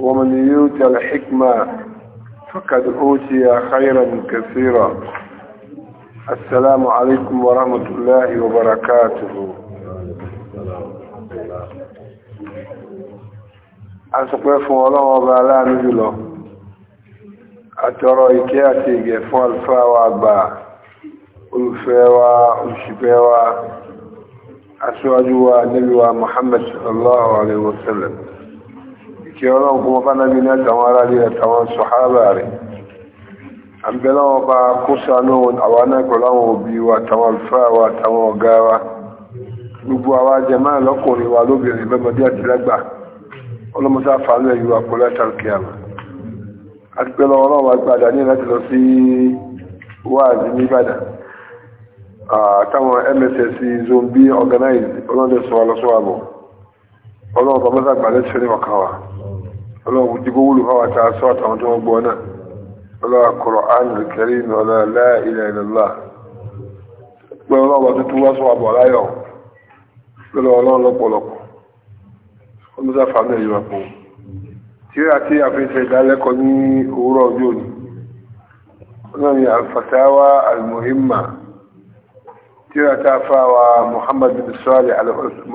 ومن يؤتى الحكمة فقد أوتي خيرا كثيرا السلام عليكم ورحمة الله وبركاته أسقف الله وبالا نجله أترى إكياتي جفو الفاوى با الفاوى الشفاوى أسواجوا نبي محمد صلى الله عليه وسلم kí ọlọ́run kó mọ́fà náà bí ní àtàwọn ará rí àtàwọn sọ̀hábà rẹ̀ àbẹ̀lọ́wọ́ bá kó sánú àwọn náà pẹ̀lú àwọn òbí wa àtàwọn àlùfáà wa àtàwọn ọ̀gá wa gbogbo àwa jẹ̀mọ́ lọ́kùnrin wa lóbìnrin lọ́mọdé àti lágbà ọlọ́mọdé àfààní ẹ̀yọ́ àpọ̀lọ́ àtàlùkìyàmà àgbẹ̀lọ́wọ́ ọlọ́run àgbàdà ní láti lọ sí wáàzí nìbàdàn àtàwọn mss ọlọ́run jígbó wúlò fáwọn àti aṣọ àtàwọn tó wọ́n gbọ́ náà ọlọ́run Qur'an al-Karim ọlọ́run la ilaha illallah pé ọlọ́run tuntun wá sọ àbọ̀ láyọ̀ pẹ̀lú ọlọ́run lọ́pọ̀lọpọ̀ ọmọdé fàánù ẹ̀yọ́ àpò tí a ti àfihàn ìdálẹ́kọ̀ọ́ ní òwúrọ̀ ọjọ́ òní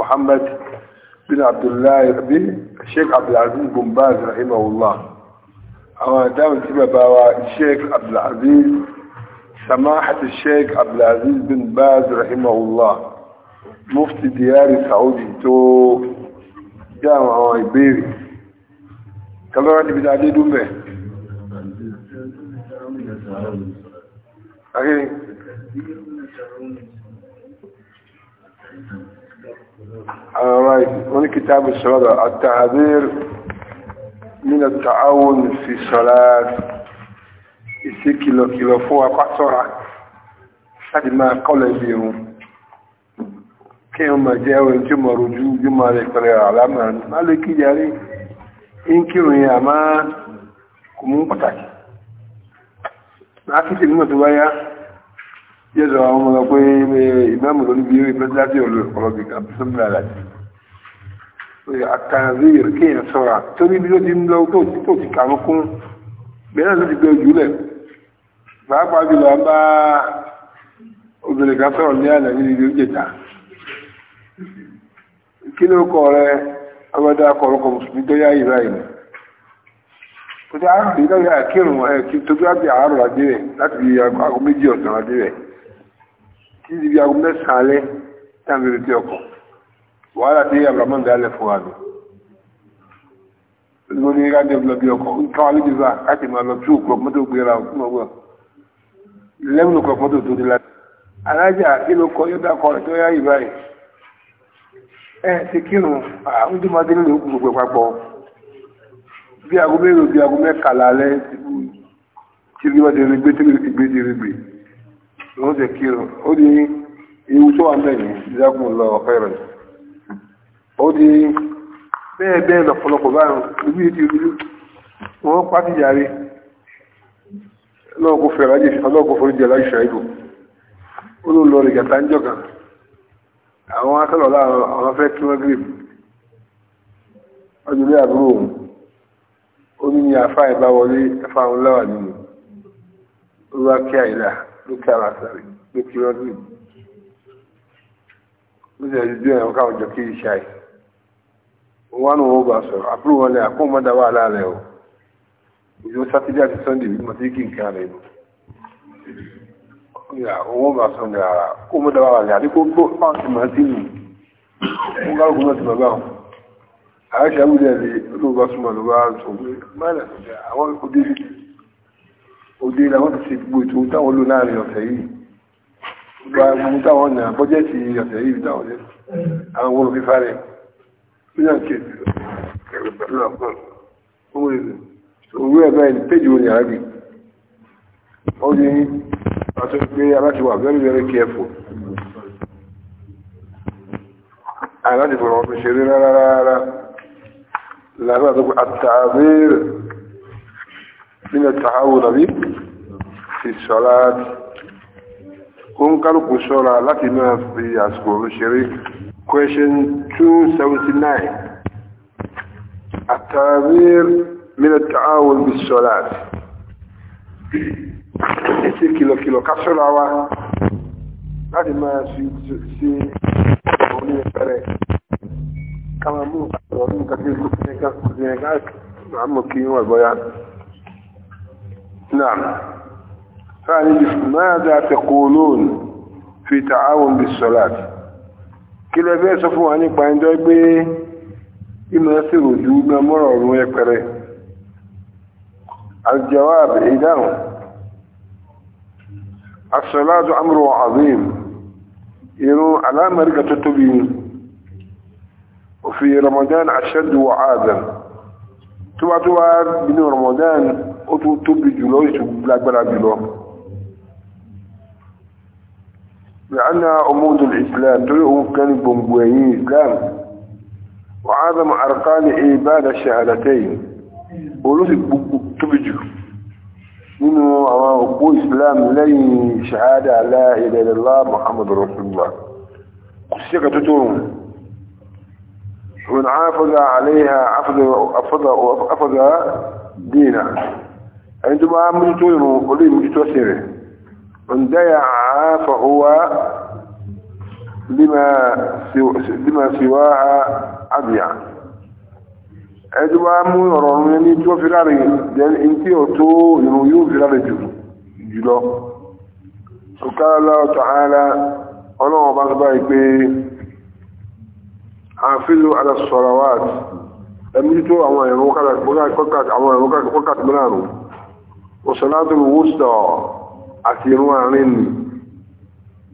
ọlọ́run bin Abdullahi bin sheik abdulaziz bombaz rahimahullah àwọn àdáhùn tí bàbá wa sheik abdulaziz samahati sheik abdulaziz bin baz rahimahullah mufti diyari saudi tó dáhùn àwọn ìbéèrè kalọ́rọ̀ níbi tí a dé dúnbẹ̀ Okay. alright wani kitabu sọ́dọ̀ àtàhàbír nínú tààwọn fi sọ́lá ìsí kìlọ̀kìlọ̀ fún apásọ́ra láti máa kọ́lẹ̀ bí irun kí wọ́n máa jẹ́ ẹwẹ́ tí mọ̀ rojú bí máa rẹ̀ pẹ̀lẹ̀ àlámà má lè kí yarí ń kírun yà máa kò mú pàtàkì láti tèmi náà tó bá yá yẹ́sọ̀ àwọn ọmọ pé ìmáàmù lórí bí i pẹ́sìláṣí ọlọ́bì kan sọ́mìnà láti àkànrí kéèyàn sọ́ra torí bí ó ti ń lọ tó ti kàrún kún bẹ́ẹ̀ ló ti gbé ojú lẹ̀ pàápàá jùlọ ń bá obìnrin kan sọ̀rọ̀ ní àná níbi ìlú jẹta kí ló kọ rẹ ọmọdé akọ̀rọ̀kọ̀ mùsùlùmí tó yá ìrà ìlú kò tí a rí lọ́yà kírun ẹ̀ kí tóbi àbí àárọ̀ adé rẹ̀ láti aago méjì ọ̀sán adé rẹ̀ títí bí aago mẹ́sàn-án alẹ́ táwọn bèbè tí ọkọ̀ wàhálà tí abrahamu dalẹ̀ fún wa nù lórí rádìó lọ bí ọkọ̀ nǹkan alẹ́ jùlọ láti máa lọ tí òkú mọ́tò gbéra fún ọgbọ́n lẹ́mùnù kan mọ́tò tó dé láti alájà kí ló kọ yóò dákọ̀ rẹ̀ tó yá yìí báyìí ẹ ti kírun àwọn tó máa dé lórí òkú gbogbo papọ̀ bí aago mẹ́rin bí aago mẹ́kàlá wọ́n jẹ́ kí ó di ewu tó wà mẹ́rin ìdákùn lọ ọ̀fẹ́rẹ̀ ó di bẹ́ẹ̀ bẹ́ẹ̀ lọ́pọ̀lọpọ̀ báyìí ibi tí ojú wọ́n pàtí jàre lọ́ọ̀kọ́ fẹ̀rẹ̀ ajé ọlọ́ọ̀kọ́ forí jẹ́ láì ṣàìdù ó ló lọ rẹ̀ àwọn akẹ́lọ̀ láàrín àwọn afẹ́ kí wọ́n gírì ọjọ́ ilé àbúrò òun ó ní ní àfáà ìbáwọlé ẹfà òun láwà nínú ó kí àìlà lókè ara sáré lókè ọdún lókè ẹ̀dùn ẹ̀wọ̀n káwọn jọ kí iṣẹ́ àì wọn wọn bá sọ̀rọ̀ àbúrò wọn lẹ àkóhùnmọ́dá wà láàrẹ̀ o ìjọ sátidé àti sunday bí mọ̀tí kí nǹkan rẹ̀ lò wọn bá sọ̀rọ̀ ní ara àkóhùnmọ́dá wà láàrẹ̀ àdíkó gbó fáwọn ti máa ti nù wọn bá rògbòmọ̀ ti bàbá wọn àyẹ̀ṣẹ́ àbúrò ẹ̀ lè ló bá súnmọ́ ló bá sọ̀rọ̀ òde làwọn ti ṣe gbogbo ètò táwọn lò láàrin ọ̀sẹ̀ yìí gba gbogbo táwọn nà bọ́jẹ́tì ọ̀sẹ̀ yìí táwọn lè àwọn wọn fífa rẹ̀ nínú àti ẹ̀rọ pẹ̀lú àpọ̀ òwú ẹ̀ báyìí péjì wọn ni àábì ó ní àti pé aláti wà very very careful aláti fọ̀rọ̀ ọ̀pẹ̀ ṣeré rárá rárá làbẹ́ àtàbí rẹ̀ من التعاون به في الصلاة كون كالكو صلاة لكن في أسكو الشريك question 279 التعبير من التعاون بالصلاة ẹsẹ kìlọ̀kìlọ̀ ká ṣọ́ra wa láti máa fi ṣe orí ẹ̀fẹ́rẹ́ ká máa mú àwọn ọdún kékeré tó fi ẹ̀ká kùsùn ẹ̀ká àmọ́ kí wọ́n gbọ́ya نعم فعلي ماذا تقولون في تعاون بالصلاة كلا بيس فواني باندوي بي إما يصير جوبنا مرور ويكبري الجواب إذا الصلاة أمر عظيم إنه على مرقة تبين وفي رمضان أشد وعادا تبع تبع بن رمضان ó tún tóbi jùlọ ìṣògùn lágbára jùlọ لأنها عمود الإسلام تلعب كلب بوهي إسلام وعظم أركان عبادة الشهادتين ولوسي تبجو منه أبو إسلام لي شهادة لا إله إلا الله محمد رسول الله قسيك تتون ومن عليها عفظ أفض أفض دينه ẹni tó máa mójútó ìrùn olú ìmójútó sí rẹ̀ ọ̀ndẹ́yà àáfàhúwá lima síwá àbíyà ẹni tó máa mú ọ̀rọ̀ ọ̀run ní tí ó fi láre jẹ́ tí ó tó ìrùn yóò fi láre jùlọ ọ̀kálá ọ̀tọ̀ ààlá ọlọ́wọ́ bá ń bá ìpé àfihàn وصلاة الوسطى أثيروا عنني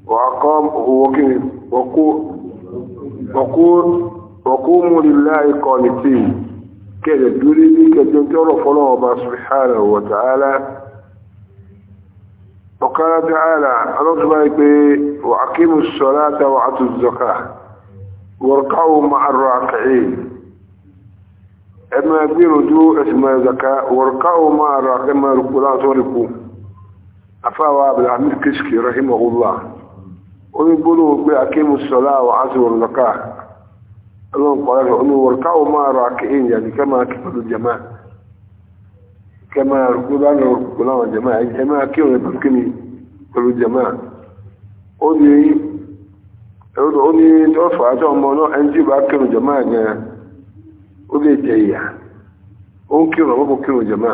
وأقام وقود وقوموا لله قانتين كذا دوري بك جنتر فلوبا سبحانه وتعالى وقال تعالى أنظر وأقيموا الصلاة وأعطوا الزكاة واركعوا مع الراكعين ẹmọ gbèrò dúró ẹsùnmọ ẹzàká wọ̀rọ̀káwò máa ra ẹmọ rúkú láàtọ́ rẹ̀kú afáwà abdulhamid kishki rahimahullah onígbóló pé akéwù sọlá wà á sì wọ̀rọ̀ká ọlọ́run pàdé rẹ̀ oní wọ̀rọ̀káwò máa ra kéyìn yàní kẹ́mà kíkọ́lù jẹ́mà kẹ́mà ó lè jẹ ìyà ó ń kírun àwọn kò kírun jẹ̀mọ́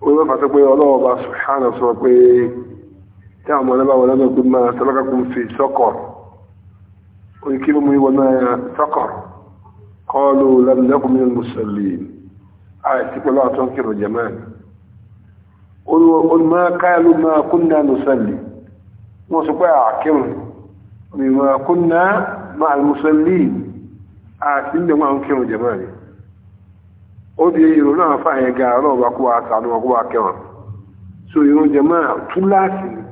ó lọ́ fàtọ́ pé ọlọ́wọ́ bá subhanahu sọ pé tí àwọn ọmọ ọlọ́ba wọn lọ́dọ̀ pé máa sabaqakum fi saqar ó ní kí ló mú ìwọ náà saqar qalu lam naku minal musallin àìsí pẹ̀lú àtọ́ àti ní wọn kírun jẹmọ anyị ó di ìrònú àwọn fáyẹn ga ọlọ́ọ̀bá kó wa sànú wọn kó wa so ìrun jẹmọ túláàsì ni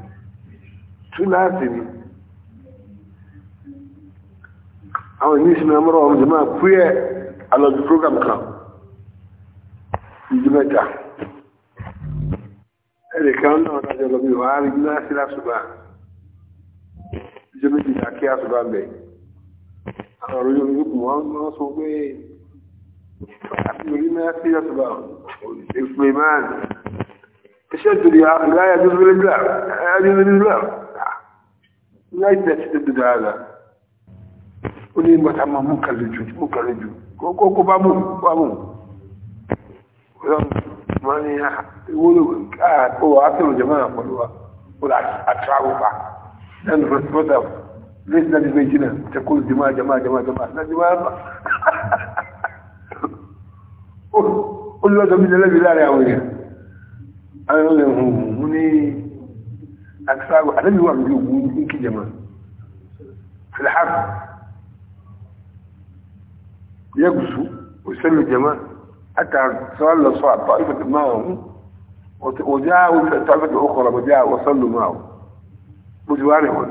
túláàsì ni àwọn ìní ìsinmi ọmọ ọmọ kan ìdí mẹ́ta ẹnìkan na dájọ lọ bí wàá rí ọ̀rọ̀ yóò ní kù wọ́n máa sọ pé orí mẹ́ta sí ọ̀tọ̀bà ìfúnimán iṣẹ́ ìtòdì àgbáyà tó fẹ́rẹ́ bílà ẹ̀yájú ní bílà láì tẹ̀sí tó dùdà àgbà ó ní bàtà máa mú kàlẹ́ jù mú kàlẹ́ jù kókó bá mú bá mú wọ́n ní ìwúlò káà ó wà á fẹ́ràn jẹ́ mọ́ àpọ̀lọ́wà ó lọ àtúráwò pa lẹ́nu rẹ̀ ليش نادي بيتنا تقول جماعة جماعة جماعة جماعة نادي ما قل له من الذي لا يعوي أنا أقول له مني أكثر أنا بيوع بيوم إنك جماعة في الحرب يقسو ويسمي الجماعة حتى صلى صعب طائفة معهم وجاءوا طائفة أخرى وجاءوا وصلوا معهم بجوارهم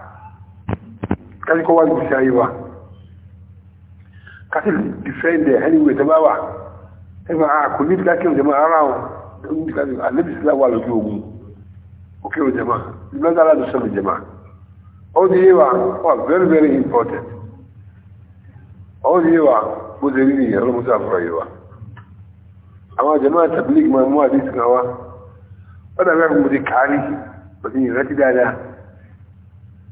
kájí kọ́ wá ju ìṣe ayé wa kásì dìfẹ́ndẹ̀ ẹni wò ìtọ́ bá wà ẹgbẹ́ a kò ní ìdíkà kéwòn jẹmọ́ ara wọn àlébì sílá wà lójú ogun ó kéwòn jẹmọ́ ìgbàgbà aládùn sọ̀rọ̀ jẹmọ́ ó di yé wa wà very very important ó di yé wa bó ṣe rí nìyẹn ló mú sí àfúrà yé wa àwọn jẹmọ́ tabilik máa mú àdìsí kan wá ó dàbí àkókò ti kàá ní òsì ìrántí dáadáa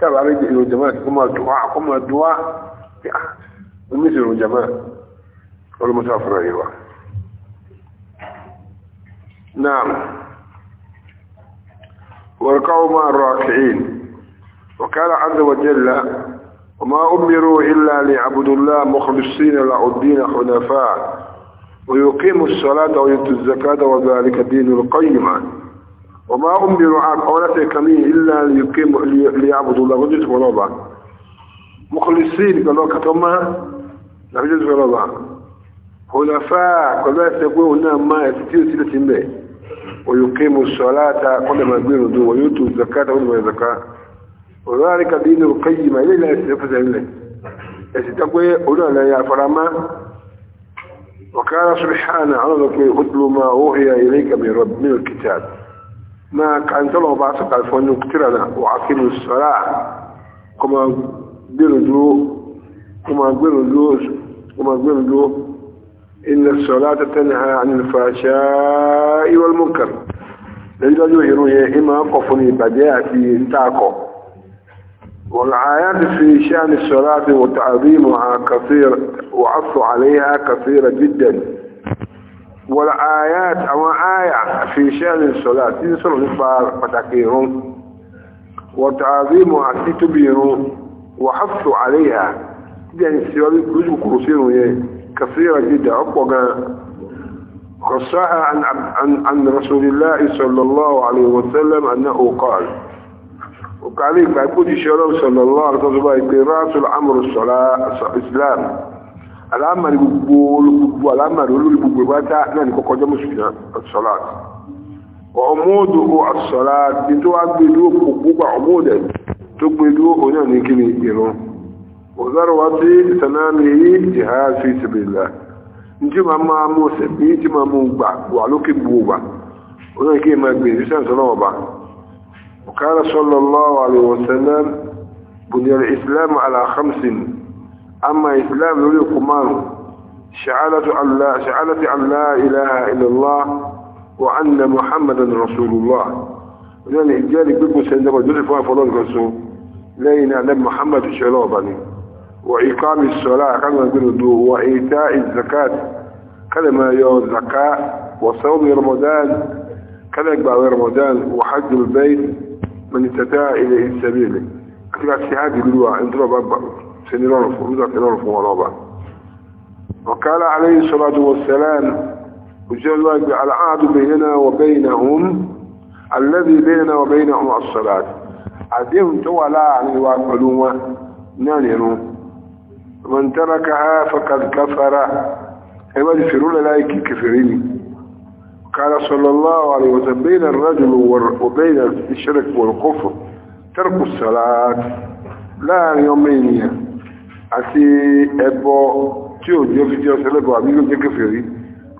تابع رجع الوجماء كما الدعاء كما الدعاء مثل الوجماء والمسافر أيضا أيوة. نعم والقوم الراكعين وقال عز وجل وما أمروا إلا ليعبدوا الله مخلصين له الدين حنفاء ويقيموا الصلاة ويؤتوا الزكاة وذلك دين القيمة وما أمروا أولا كمين إلا ليقيم ليعبدوا الله وجزء ورابع مخلصين قالوا كتما لجزء ورابع حلفاء قالوا يسيقوا هنا ما يستطيعوا سلة به ويقيموا الصلاة كل ما يقيموا دون ويؤتوا الزكاة كل ما يزكاة وذلك دين القيم إليه لا يستفز إليه يستقوي أولا لا يعفرما وكان سبحانه على ذلك يقول ما أوحي إليك من رب من الكتاب ما كان تلو باسق الفن كترنا وعقيم الصلاة كما بردو كما بردو كما بردو إن الصلاة تنهى عن الفحشاء والمنكر لذلك يروي إما قفني بديعتي تاكو والآيات في شأن الصلاة وتعظيمها كثير وعص عليها كثيرة جداً wọ́n ayat àwọn ayà fi ṣẹ́lì sọ́lá tí ń sọ̀rọ̀ nípa pàtàkì irun wọ́n tààrí mọ̀ àti tóbi irun wọ́n hafto àríyà tí a ń ṣe wọ́n lójú kúrò sí irun yẹn kàfíra jìdà ọ̀pọ̀ gan kọ̀sáà an rasulillah sallallahu alaihi wasallam anna okal okali ìgbà alámàrí gbogbo olóògbogbo alámàrí olórí gbogbo náà ní kọkọ jẹ́ mùsùlùmí ọmọdé o àṣọlá tí tó wá gbé dúró gbogbo ọmọdé tó gbé dúró òun náà ní kíni ìrún òzára wá sí ìsànámi èyí ìhà sí ma máa mú ọ̀sẹ̀ bí ma mú gbà wà lókè gbogbo náà kí gbé ìrísẹ́ ọba أما إسلام يريد قمان شعالة أن لا, شعالة أن لا إله إلا الله وأن محمدا رسول الله لأن يعني إجالي بك سيدنا جوزيف وفلان رسول لأن أعلم محمد شلوبني وإقام الصلاة كما نقول وإيتاء الزكاة كلمة يوم الزكاة وصوم رمضان كلمة بعد رمضان وحج البيت من استطاع إليه سبيله كلمة سيادي بلوها انتظروا بابا وقال عليه الصلاة والسلام وجل الله على عهد بيننا وبينهم الذي بيننا وبينهم الصلاة عدم تولى عن الواقلومة نانينو من تركها فقد كفر ايما يفرون لايك كفرين قال صلى الله عليه وسلم بين الرجل وبين الشرك والكفر ترك الصلاة لا يومين àti ẹbọ tí ò jẹ́ fíjẹ́ ọ̀sẹ̀lẹ́bọ̀ àbí yóò jẹ́ kèfèrí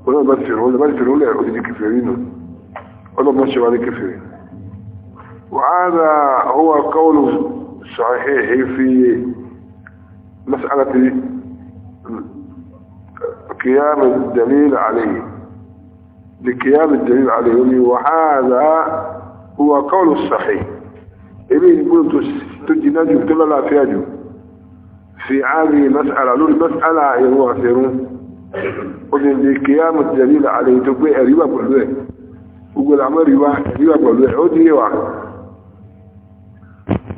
ọlọ́ọ̀bá ti fèrè ọlọ́ọ̀bá ti fèrè ọlọ́ọ̀bá ti di nù ọlọ́ọ̀bá ṣe wá ní kèfèrí وهذا هو قول صحيح في مسألة قيام الدليل عليه لقيام الدليل عليه وهذا هو قول الصحيح إليه يقول تجناجه تلا في هذه المسألة لو المسألة يواصرون وفي قيام الدليل عليه تقوي أريبا قلوه وقل عمر ريبا أريبا قلوه عدي واحد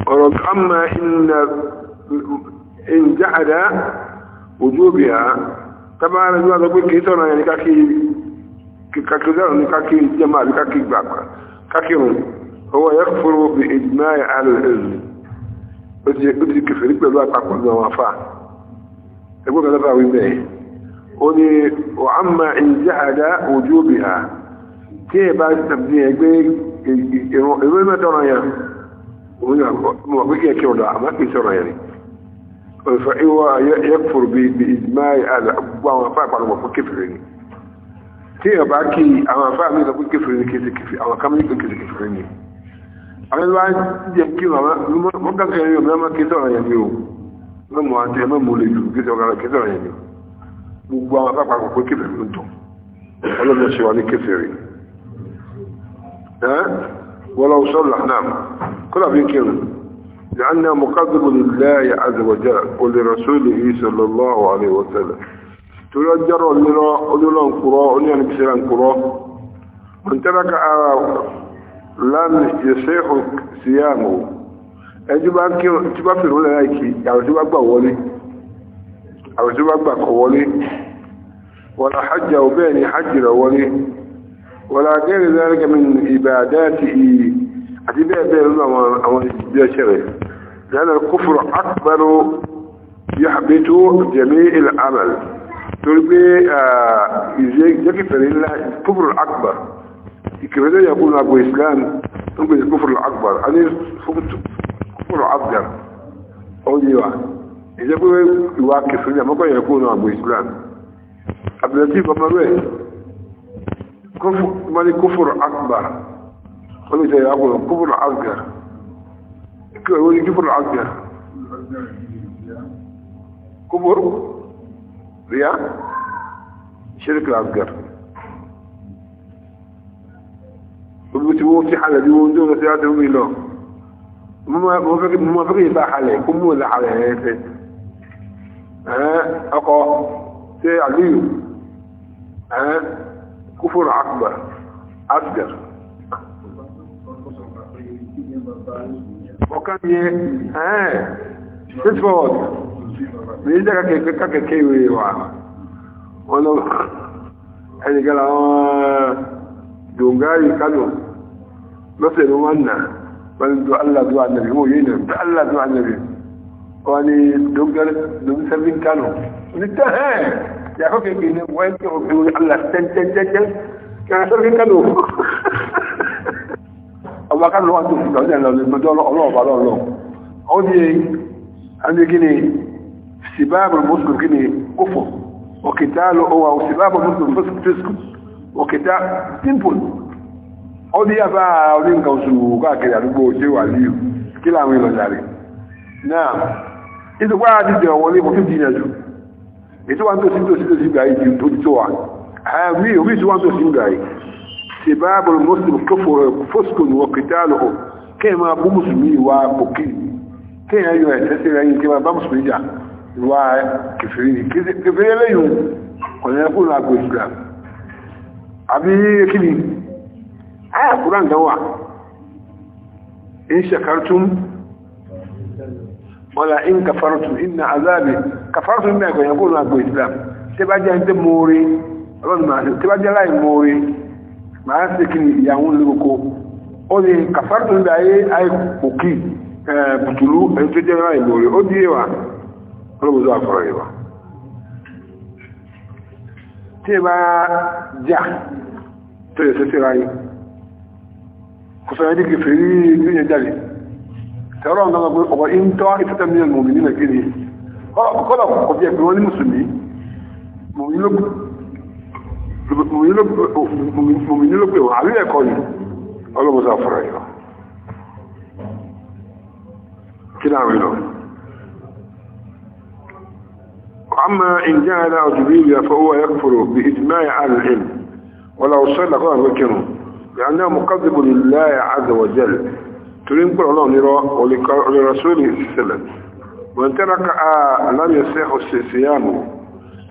ورد أما إن إن جعل وجوبها طبعا رجوع تقول كيسونا يعني كاكي كاكي كاكي جماعة كاكي بابا كاكي هو يغفر بإجماع على العلم ó ti ó ti kẹfẹ́ pẹ̀lú àpapọ̀ ní àwọn afá ẹgbẹ́ kan lọ́fà wípé ó ní ọ̀hánmà ìjáàdá ojú òbí ha tí ẹ bá tàbí ẹgbẹ́ ìwé mẹ́tọ́rọ yẹn òun yà mọ̀ pé kí ẹ kí ọ̀dọ̀ àmọ́ kì í sọ̀rọ̀ yẹn ọ̀fẹ́ ìwọ yẹ́kùrù bí ìdìmá àgbà àwọn afá àpapọ̀ fún kẹfẹ́ ni tí ẹ bá kí àwọn afá mi lọ fún kẹfẹ́ ni kẹfẹ́ ni kẹfẹ́ ni àwọn bá jẹ́ kí wọ́n dákẹ́ ẹ̀yọ́ mẹ́mọ́ kí sọ̀rọ̀ yẹn ni o mẹ́mọ́ àti ẹmẹ́mọ́ lè jù kí sọ̀rọ̀ yẹn ni gbogbo àwọn apá àpapọ̀ pé kébẹ̀ ló ń tọ̀ ọlọ́dún ṣe wà ní kéfèrè lánàá ìṣe sí àmọ́ ẹjú bá kí tí bá fèrè lẹ́yìn àìkí àwọn tí bá gbà wọlé àwọn tí bá gbà kọ wọlé wọ́n la hajjá ò bẹ́ẹ̀ ni hajj rẹ̀ wọlé wọ́n la gẹ́rẹ̀ lẹ́rẹ̀ kẹ́mi ìbàdá ti ìyí àti bẹ́ẹ̀ bẹ́ẹ̀ lọ́nà àwọn ìbílẹ̀ ṣẹlẹ̀ لأن الكفر أكبر يحبط جميع العمل تقول بي يجيك فريلا الكفر الأكبر الكبير يقول أبو إسلام نقول الكفر الأكبر أنا كفر الأصغر أولي واحد إذا يقول يواكف ما كان يكون أبو إسلام عبد اللطيف أمروي كفر مالي كفر أكبر وليس يقول كفر الأصغر يقول كفر الأصغر كفر ريا شرك الأصغر gbogbo tí wọ́n fi halẹ̀ bí wọ́n dóòrò sí àti omi lọ mo fẹ́ ìbá halẹ̀ kó mú ọ̀lá halẹ̀ rẹ̀ fẹ́ ọkọ̀ ṣe àlúyò kúfòrò àkùbà asgar ọkàn yẹ straightforward ní ìjẹ́ kàkẹ́kẹ́ ìwé wà wọ́n lọ ẹnìkan àwọn dongari kano masanin wannan wani zuwa Allah zuwa annabi mu yi nan da Allah zuwa annabi wani dongari don sabbin kano ni ta he ya kake ke ne wani ke ofe wani Allah can can can can kan sabbin kano ọba kano wa tó fi kàwé náà lọ lọ ọlọ́ọ̀bá lọ́ọ̀lọ́ ó di ẹni gini sibabu muslim gini kófò òkìtá lọ ọwà sibabu muslim fẹsùn òkèta simple ó ní àbá orí nǹkan oṣù káàkiri àdúgbò ṣe wà líò kí láwọn ìlọ̀jà rẹ̀ náà ìtòpá àti jẹ ọ̀wọ́lé mọ̀ tó jìnà jù ètò wà ń tó sí tó sí tó sí gbà yìí tó ti tó wà àmì omi tí wà ń tó sí gbà yìí ṣe bá bọ̀rọ̀ mọ́sùlùm fọ́sùkò ní ọkìtà lọ́kọ̀ kí ẹ máa bú mùsùlùmí ìwà pòkì kí ẹ yọ ẹ̀sẹ̀ sí rẹ̀ yìí kí máa bá mùsùlùmí jà ìwà kẹfìrí kẹfìrí ẹlẹ́yìn ọ̀nà ẹ̀kọ́ àbí kíni ayà kúrán dáwà in shakartum wọ́la in kafartum inna azabi kafartum ní ẹ̀kọ̀ yankó náà gbò islam tí bá jẹ́ ẹ̀ntẹ́ mọ́rí ọlọ́nà máa tí bá jẹ́ láì mọ́rí máa sí kíni ìyàwó lóko ó ní kafartum ní ayé àìkòkí bùtùlú ẹ̀ntẹ́ jẹ́ láì mọ́rí ó díẹ̀ wà ọlọ́gbọ̀dọ̀ àfọ́rọ̀ yìí wà tí ẹ bá jà tó yẹ sẹ́sẹ́ ráyé kò sọ ẹni kìfẹ́ rí gbíyàn jáde tẹ́rọ ọ̀nà ọgbẹ́ ọ̀pọ̀ ìntọ́ ìfẹ́tẹ́ mílíọ̀n mọ̀mí ní nàìjíríà kọ́lọ̀ kò bí ẹgbẹ̀ wọn ní mùsùlùmí mọ̀mí ló pè wọ́n àrí ẹ̀kọ́ ni ọlọ́mọsá fúra yọ kí láàrin lọ أما إن جعل أجبيل فهو يكفر بإجماع على العلم ولو صلى قال بكره لأنه مقذب لله عز وجل ترين قول الله نرى ولرسوله السلام وإن ترك آه لم يصيح صيامه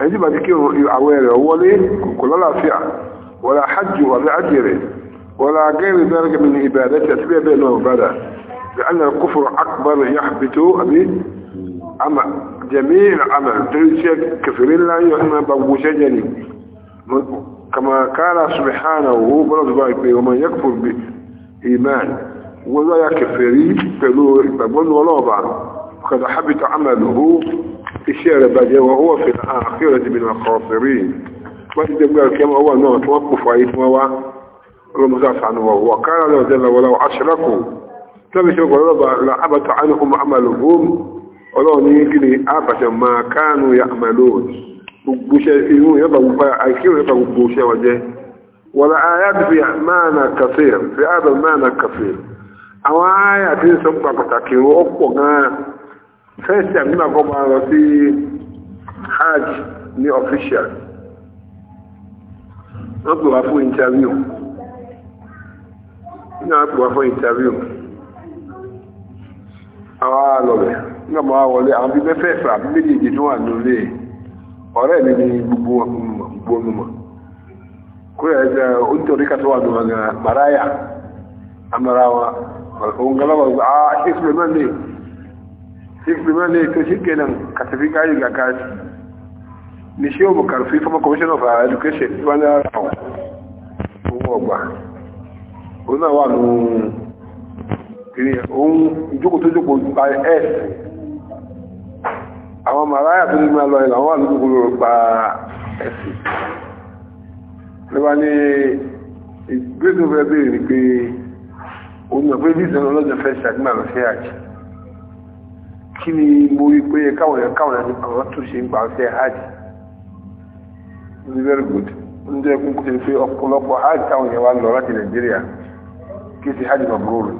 عندي بعد كده العواري أولي كل لا فيع ولا حج ولا أجر ولا غير ذلك من عبادته تبيع بينه وبدا لأن الكفر أكبر يحبط أما جميع عمل تلسل كفرين لا يؤمن بابوش جني كما قال سبحانه وهو برد بايبي ومن يكفر بإيمان ولا يكفري فلو يقبل ولا بعض فقد حبط عمله إشارة بجاء وهو في الآخرة من الخاسرين وإذا قال كما هو أنه توقف عيد هو رمزات عنه وهو قال له جل ولو أشركوا لم يشركوا لعبت عنهم عملهم ọlọ́run ní kí ni àbàtà máa káànù ya àmàlò gbogbo iṣẹ́ inú yọba gbogbo àìkíwò yọba gbogbo iṣẹ́ wọn jẹ́ wọ́n àyà bí máa na kàfẹ́ fi àbà máa na kàfẹ́ àwọn àyà tí ń sọ pa pàtàkì ó pọ̀ gan-an fẹ́ẹ̀sì àmìnà kọ́kọ́ máa lọ sí hajj ní official wọ́n pè wá fún interview wọ́n pè wá fún interview àwọn alọ́bẹ̀ nígbà máa wọlé àwọn bí mẹ́fẹ́ fẹ́ àbí méjèèjì tó wà nílé ọ̀rẹ́ mi ni gbogbo ọmọ mọ̀ kúrò ẹ̀jẹ̀ onítorí kàtó wà ní ọ̀gá màráyà amara wa òun galaba ọ̀gá ah six million lè six million lè tó sí kenan ka tafi kayi ga kashi ṣé o bukar fi fama commission of education tí wọ́n ní ara wọn òun ọgbà òun náà wà nù ìrìn òun ìjókòó gba ẹ̀ẹ́sì àwọn màráyà tó ní lọ ìlà àwọn àlùkò lọ gba ẹ̀sì lọ́wọ́ ní ìgbésùn bèèrè ni pé òun ọ̀pẹ́ bí ìsẹ̀lẹ̀ ọlọ́jọ́ fẹ́ ṣàdínmà lọ sí àjì kí ni mo rí pé káwọn èèyàn tó ṣe ń gbà ṣe àjì very good ń jẹ́ kúkú ṣe pé ọ̀pọ̀lọpọ̀ àjì táwọn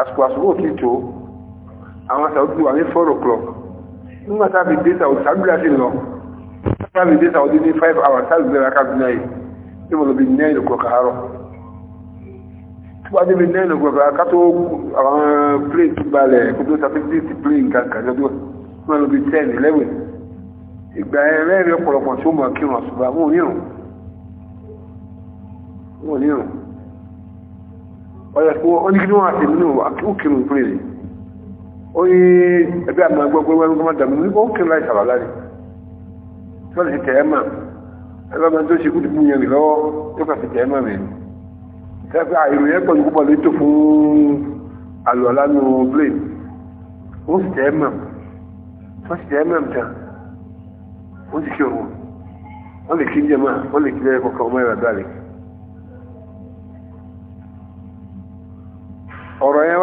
àsìkò àsìkò tí tó àwọn sàúdí wà ní 4 o'clock nígbà tàbí dé sàúdí sàúdí láti lọ tàbí dé sàúdí ní 5 hours sàúdí lẹ́ra kábínà yìí tí mo lọ bí 9 o'clock àárọ̀ tí wọ́n débi nine o'clock àárọ̀ kátó àwọn plane tó balẹ̀ kó tó sàfẹ́ dé ti plane kankan lọ́dọ̀ tí wọ́n lọ bí 10 11 ìgbà ẹ̀rẹ́ ọ̀pọ̀lọpọ̀ tí ó mọ̀ kírun àṣùgbà wọn ò nírun wọn ò nírun oníkìní wọn àti nínú òkìrùn fúnlẹ̀ oye ẹgbẹ́ àmà gbogbo wọn kọ́ dàmú ní òkìrùn láì sàrà láre tí wọ́n ti tẹ̀ ẹ́ mà ẹgbẹ́ àmà tó ṣe kú dìbò yẹn lọ́wọ́ tó kà fi tẹ̀ ẹ́ mà rẹ̀ tẹ́fẹ́ àìrò yẹn pẹ̀lú púpọ̀ lẹ́tọ̀ fún àlọ́lá nù blade wọ́n sì tẹ̀ ẹ́ mà wọ́n sì tẹ̀ ẹ́ mà tán wọ́n sì kí òun wọ́n lè kí ń jẹ mà wọ́n lè kí lẹ́yìn kọ̀ọ̀kan ọmọ ẹ̀rọ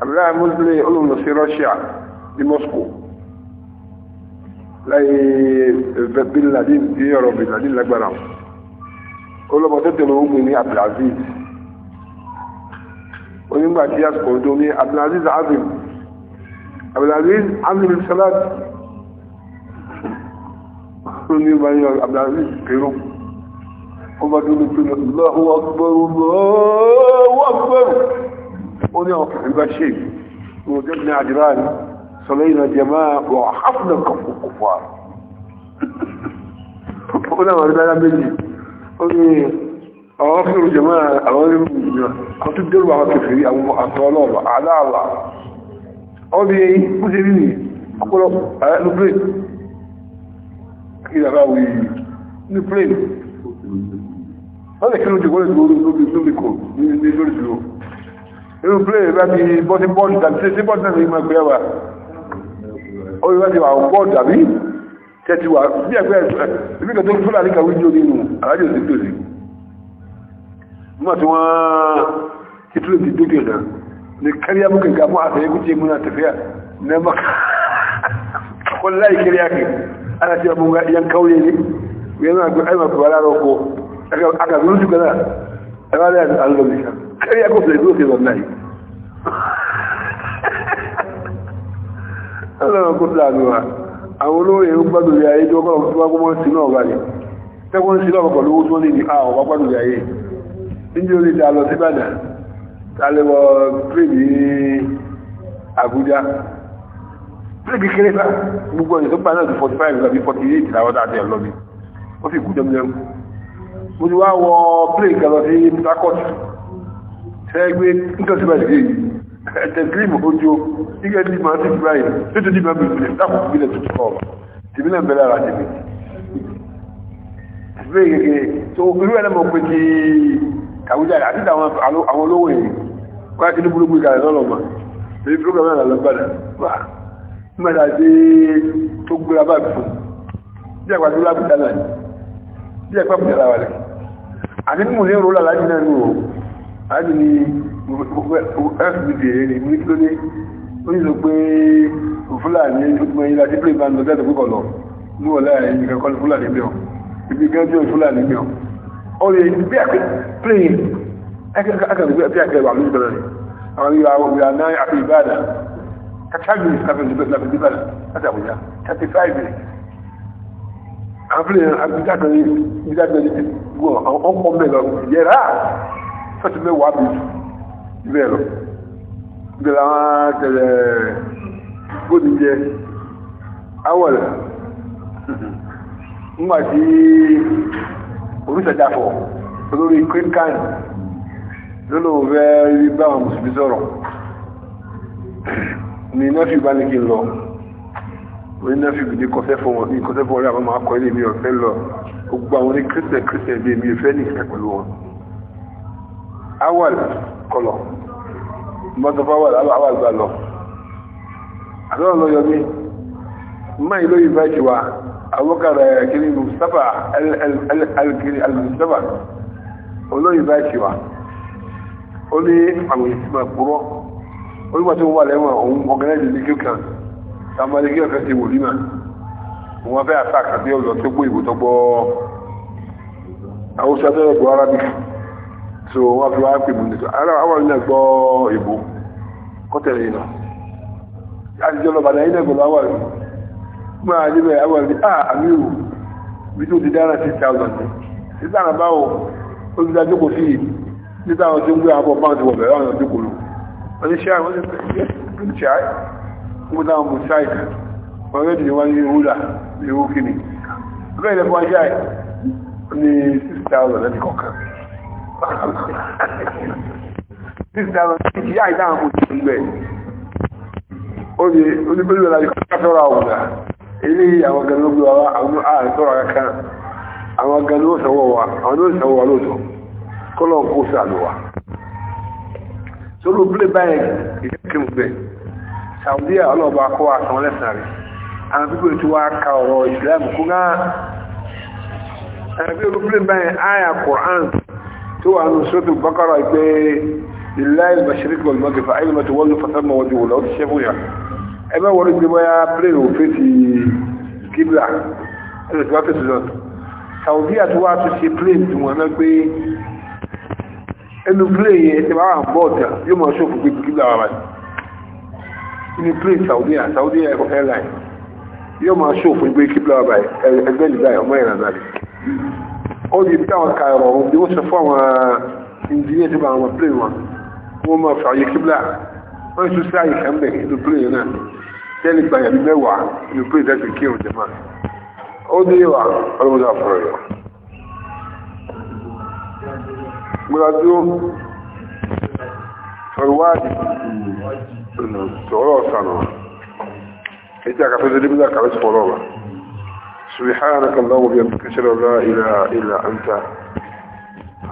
abdullahi muslim olùlọ sí russia ní moscow láyé eh, bin laden tí ọ̀rọ̀ bin laden lágbára olùbọ tó tẹ̀lé ogun ní abdulaziz onígbà tí àsìkò tó ní abdulaziz azim abdulaziz azim salat ní báyìí abdulaziz pẹ̀lú ọba tó ní pẹ̀lú allahu akbar allahu akbar هنا البشير وجدنا عجلان صلينا جماعة وحفنا الكفار هنا مربانا مني هنا أواخر جماعة أواخر جماعة كنت الدربة على الكفرية أو أطلالة على الله أولي إيه مجريني أقول نبريد كده راوي نبريد هذا كانوا يقولوا يقولوا يقولوا يقولوا يقولوا irú play bá ti bọ́ sí bọ́ọ̀lù tàbí sí bọ́ọ̀lù náà ní ìmọ̀ ẹgbẹ́ wa ó yẹ wá ti wà bọ́ọ̀lù tàbí tẹ́tí wà bí ẹgbẹ́ ibi kan tó ń fúlàní kàwé jó nínú alájò sí tòsí nígbà tí wọ́n ti tún ti dókè náà kare yako zai zo sai wallahi Allah ma kúrò àdúrà àwọn olóòrè ń gbádùn rí ayé tó kọ́lọ̀ tó wákọ́ mọ́ sí náà bá rẹ̀ tẹ́kọ́ sí náà pẹ̀lú owó tó ní ní àwọn wá gbádùn rí ayé níbi orí ta lọ sí bàdà tàlẹ́wọ̀ pírì Àbújá pírì kékeré bá gbogbo ọ̀nà tó gbà náà 45 tàbí 48 làwọn tàbí ọlọ́bí ó sì kú jẹmjẹm mo ti wá wọ pírì kan lọ sí Port Harcourt ẹgbẹ́ nítọ́síbà ìgbé ẹ̀tẹ̀gírìmù ojú nígbẹ́ ní ma ti fúráyì tó tó dìbà bìbìlẹ̀ dákùn ìbílẹ̀ tó tó ọ̀bà tìbílẹ̀ bẹ̀rẹ̀ ara jẹ́ ìgbé gẹ́gẹ́ tó irú ẹ̀ lẹ́mọ̀ pé ti kàwújà àti àwọn olówó yìí kọ́yá kí ní burúkú ìkàlẹ̀ lọ́lọ́mà èyí program náà lọ́gbàdà wà nígbàdà dé tó gbéra bá fún bí àgbà tó lábùdá náà bí àgbà bùdá náà wà lẹ́ àti mímú ní rọ́lá láti náà nù àti ní fbc ni mo ní kí ló dé ó sì sọ pé fúlàní ọmọ ilé àti pílẹ̀ ìbánu lọ́jọ́ ìdókòkò lọ ní wọ̀lá ẹ̀yìn nìkan kọ́ ní fúlàní bí ọ ibi gẹ́gẹ́ bí ọ fúlàní bí ọ ó lè bí àpè pílẹ̀ akẹ́kọ̀ọ́ bí àpè wà lójú bẹ̀rẹ̀ àwọn ìwà òwúrà náà àti ìbàdàn thirty-five minutes láti ìbàdàn láti àbújá thirty-five minutes àwọn pílẹ̀ àbújá kan ní ìbújá kan ní gbọ́ àwọn yẹra láti mẹ́wàá bí ibẹ̀ lọ ibẹ̀ làwọn tẹ̀lẹ̀ gbóni jẹ awọ̀lẹ̀ nígbàtí orísàjáfọ̀ olórí krinkan lọ́nà òfẹ́ rí bá àwọn mùsùlùmí sọ̀rọ̀ ni nọ́fì bá ní kí n lọ wọ́n ní nọ́fì ní kọfẹ́ fún wọn ní kọfẹ́ fún wọn rí àwọn máa kọ ilé mi ọ̀fẹ́ lọ gbogbo àwọn ní kírísẹ̀ kírísẹ̀ bí èmi ìfẹ́ ní ìfẹ́ pẹ̀lú wọn awal kọlọ mọ́tọ̀fọ́ awal awal gbà lọ àtọ́rọ̀ lọ yọ mí máa ìlú ìfẹ́ ṣe wa abúkàrà eh, kiri mustapha alkiri al olóyìn bá ṣe wa ó ní àwọn ìsinmi àpúrọ́ ó nígbà wà lẹ́wọ̀n òun ọ̀gẹ́rẹ́dì ní kíkà sàmàlì kí ọ̀fẹ́ ti wò ní mà wọ́n fẹ́ àtàkà bí tó gbó ìbò tó gbọ́ àwọn so wọ́n fi wá pè mú nìtọ́ ara àwọn ilẹ̀ gbọ́ ìbò kọ́tẹ̀lẹ̀ iná àjíjọ́ lọ bàdà ilẹ̀ gbọ́lọ́ àwọn ìlú máa níbẹ̀ àwọn ìlú à àmìrù bí to ti dára 6,000 títà àbá o ó ti dájú kò sí títà àwọn tó ń gbé àbọ̀ báńkì wọ̀ bẹ̀rẹ̀ àwọn ìjókòó lò wọ́n ti ṣe àwọn ìlú ṣe àì mú táwọn mú ṣáìkì wọ́n rẹ̀ dìde wọ́n ní rúlà ní rúkìnì ọ̀gá ilẹ̀ fún wájú àì ní 6,000 lẹ́nì kọ̀ọ̀kan sísè ìyá ìdá àwọn òṣèlú ń bẹ̀ oye oníbẹ̀rẹ̀ la yóò kátọ́rọ̀ àwùdá ilé àwọn ganan gbé wa àwọn àìsọ́rọ̀ aka àwọn ganan sọ̀wọ́ wa àwọn ní sọ̀wọ́ wa lóòtọ́ kọ́lọ̀ kó sàánú wa sọ́lọ́ bílẹ̀ báyìí ìdíkẹ́ mùgbẹ́ Saudi ọlọ́ọ̀bá kọ́ àtàwọn lẹ́sàn rẹ̀ àwọn pípẹ́ tí wọ́n ka ọ̀rọ̀ ìsìlámù kó náà ẹ̀rọ bílẹ̀ báyìí àyà Kùránì tó wà nù sọ́tù bákàrà pé lillahi al-mashriq wal-maghrib fa ayyuma tuwallu fa thamma wajhu Allah ti ṣẹ́fù yà ẹ bá wọlé gbé bóyá pray ò fẹ́ ti kíbla ẹ lè gbá fèsì lọ sàwùdí àtúwà tó ṣe pray tí wọn náà pé ẹnu pray yẹn ti máa bọ̀ ọ̀tà yóò máa ṣòfò pé kíbla wà báyìí inú pray Saudi Saudi airline yóò máa ṣòfò pé kíbla wà báyìí ẹgbẹ́ nìgbà ọmọ ìrànlọ́lẹ̀ o di ibi táwọn ka ẹ̀rọ ọ̀hún bí wọ́n sọ fún àwọn ìdílé eh, tó bá àwọn plane wọn wọ́n máa fi àyè kíbla wọ́n ń sọ́sí àyè kẹ́mbẹ̀ inú plane náà tẹ́lẹ̀ gba ẹ̀mí mẹ́wàá inú plane tẹ́lẹ̀ o òun jẹ̀má ó dé wà ọlọ́mọdé àfọ̀rọ̀ yọ. gbọ́dọ̀ dúró sọ̀rọ̀ wáàdì sọ̀rọ̀ ọ̀sán náà ètí àkàtúndé níbi náà kàwé sọ̀rọ̀ ọ̀rọ̀ سبحانك اللهم وبحمدك لا اله الا انت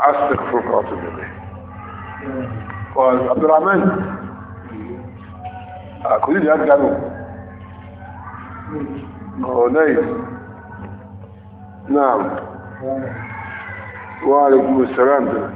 استغفرك واتوب اليك عبد الرحمن آه، كل اللي قالوا قولي نعم وعليكم السلام